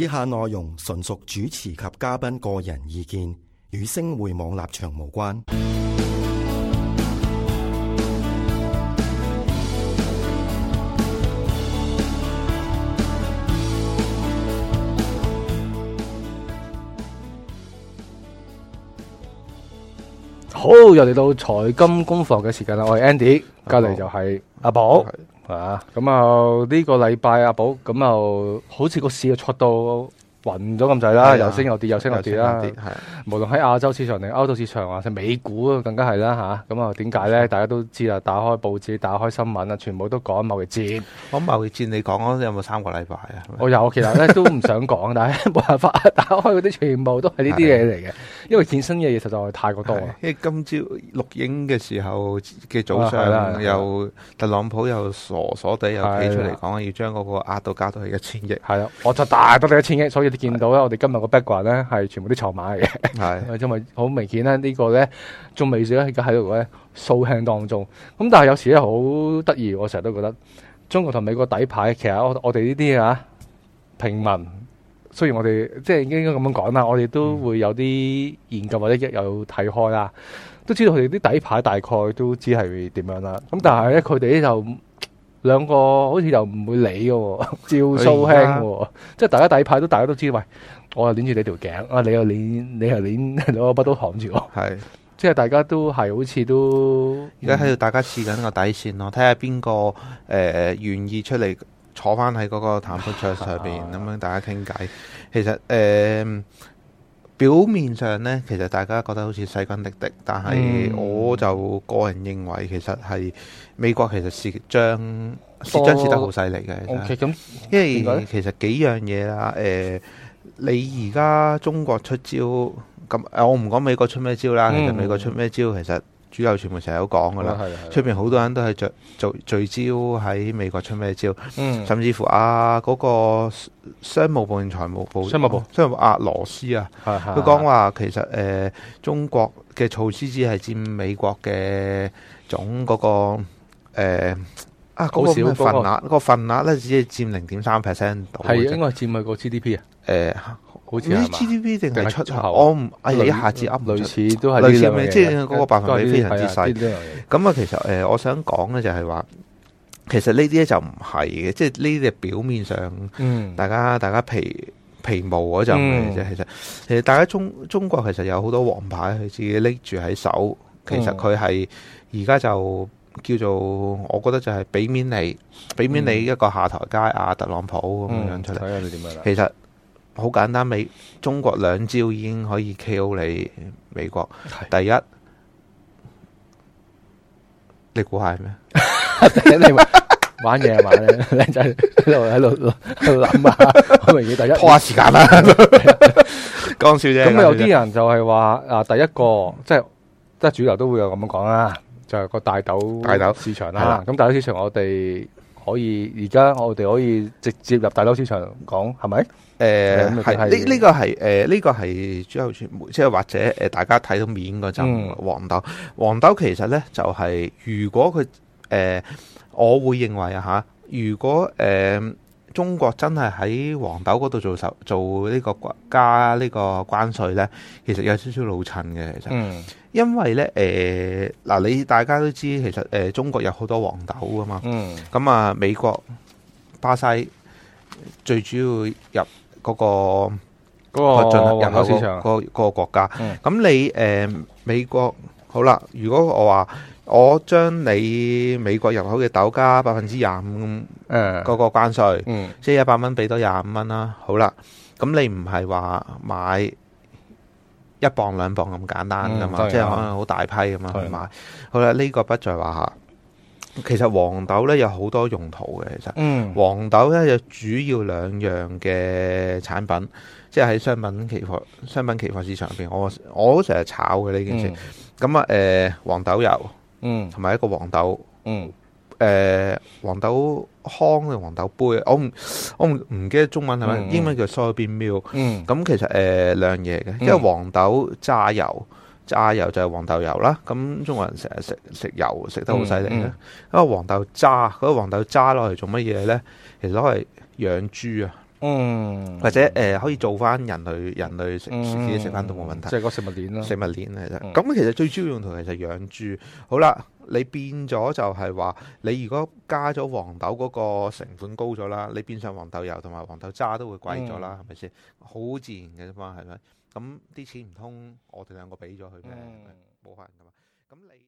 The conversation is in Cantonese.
以下內容純屬主持及嘉賓個人意見，與星匯網立場無關。好，又嚟到財金工房嘅時間啦！我係 Andy，隔籬就係阿寶。啊，咁啊呢個禮拜阿寶咁啊，好似個市又挫到。暈咗咁滯啦，又升又跌，又升又跌啦。係，無論喺亞洲市場定歐洲市場，或者美股啊，更加係啦吓。咁啊的，點解咧？大家都知啦，打開報紙，打開新聞啊，全部都講貿易戰。咁貿易戰，你講有冇三個禮拜啊？我有，其實咧都唔想講， 但係冇辦法，打開嗰啲全部都係呢啲嘢嚟嘅。因為最新嘅嘢實在太過多啊。因為今朝錄影嘅時候嘅早上啦，啊、又特朗普又傻傻地又企出嚟講，的要將嗰個額度加到去一千億。係咯，我就大多你一千億，所以。見到咧，我哋今日個 back 羣咧係全部都籌碼嚟嘅，因為好明顯咧，呢個咧仲未止咧，而家喺度咧掃向當中。咁但係有時咧好得意，我成日都覺得中國同美國底牌，其實我我哋呢啲嚇平民，雖然我哋即係應該咁樣講啦，我哋都會有啲研究或者一有睇開啦，都知道佢哋啲底牌大概都知係點樣啦。咁但係咧，佢哋咧就～兩個好似又唔會理嘅， 照蘇輕嘅，在即係大家第派都大家都知，喂，我係捻住你條頸，啊，你又捻，你又捻咗把刀扛住，係，是即係大家都係好似都而家喺度，在在大家試緊個底線咯，睇下邊個誒願意出嚟坐翻喺嗰個談判桌上邊咁 樣大家傾偈，其實誒。呃表面上呢，其實大家覺得好似勢均力敵，但係我就個人認為，其實係美國其實蝕張蝕張蝕得好犀利嘅。咁因為其實幾樣嘢啦，誒、呃，你而家中國出招咁，誒、嗯，我唔講美國出咩招啦，其實美國出咩招，其實。主流傳媒成日都講噶啦，出邊好多人都係聚聚聚焦喺美國出咩招，嗯、甚至乎啊嗰、那個商務部定財務部，商務部商務阿、啊、羅斯啊，佢講話其實誒、呃、中國嘅措施只係佔美國嘅總嗰、那個、呃啊，嗰個份額？個份額咧，只係佔零點三 percent 度。係應該佔係個 GDP 啊？誒，好似係嘛？GDP 定係出口？我唔，我一下子噏唔出。類似都係類似咩？即係嗰個百分比非常之細。咁啊，其實誒，我想講咧，就係話，其實呢啲咧就唔係嘅，即係呢啲表面上，大家大家皮皮毛嗰陣嘅啫。其實其實大家中中國其實有好多王牌，佢自己拎住喺手。其實佢係而家就。叫做我覺得就係俾面你，俾面你一個下台階啊，特朗普咁樣出嚟，睇下你點樣啦。其實好簡單，美中國兩招已經可以 KO 你美國。第一，你估下係咩？第一，你玩嘢玩嘛，靚仔喺度喺度諗啊，好明嘅。第一拖下時間啦。江小姐咁有啲人就係話啊，第一個即係即係主流都會有咁講啦。就係個大豆，大豆市場啦。咁大豆市場，市場我哋可以而家我哋可以直接入大豆市場講，係咪？誒，係呢？呢、這個係誒，呢、呃這個係主要全部，即係或者誒，大家睇到面嗰陣黃豆，嗯、黃豆其實咧就係、是、如果佢誒、呃，我會認為啊嚇，如果誒。呃中國真係喺黃豆嗰度做手做呢個，這個國家呢個關稅呢，其實有少少老襯嘅其實，嗯、因為呢，誒、呃、嗱你大家都知其實誒、呃、中國有好多黃豆啊嘛，咁、嗯、啊美國、巴西最主要入嗰、那個嗰、哦哦哦那個入口市場嗰個國家，咁、嗯、你誒、呃、美國好啦，如果我話。我將你美國入口嘅豆加百分之廿五，誒個個關稅，即係一百蚊俾多廿五蚊啦。好啦，咁你唔係話買一磅兩磅咁簡單噶嘛？嗯、即係可能好大批咁樣去買。吧好啦，呢、呢個不在話下。其實黃豆咧有好多用途嘅，其實，嗯，黃豆咧有主要兩樣嘅產品，嗯、即係喺商品期貨、商品期貨市場入邊，我我都成日炒嘅呢件事。咁啊、嗯，誒、呃、黃豆油。嗯，同埋一個黃豆，嗯，誒、呃，黃豆糠嘅黃豆杯，我唔我唔唔記得中文係咪，嗯嗯、英文叫 soybean meal。嗯，咁、嗯、其實誒兩樣嘢嘅，因為黃豆榨油，榨油就係黃豆油啦。咁中國人成日食食油食得好犀利咧，因、嗯嗯那個黃豆渣，嗰個黃豆渣攞嚟做乜嘢咧？其實攞嚟養豬啊。嗯，或者誒、呃、可以做翻人類人類食自己食翻都冇問題，即係、嗯就是、個食物鏈咯、啊，食物鏈嚟嘅。咁、嗯、其實最主要用途其實養豬好啦，你變咗就係話，你如果加咗黃豆嗰個成本高咗啦，你變上黃豆油同埋黃豆渣都會貴咗啦，係咪先？好自然嘅啫嘛，係咪？咁啲錢唔通我哋兩個俾咗佢咩？冇、嗯、可能噶嘛。咁你。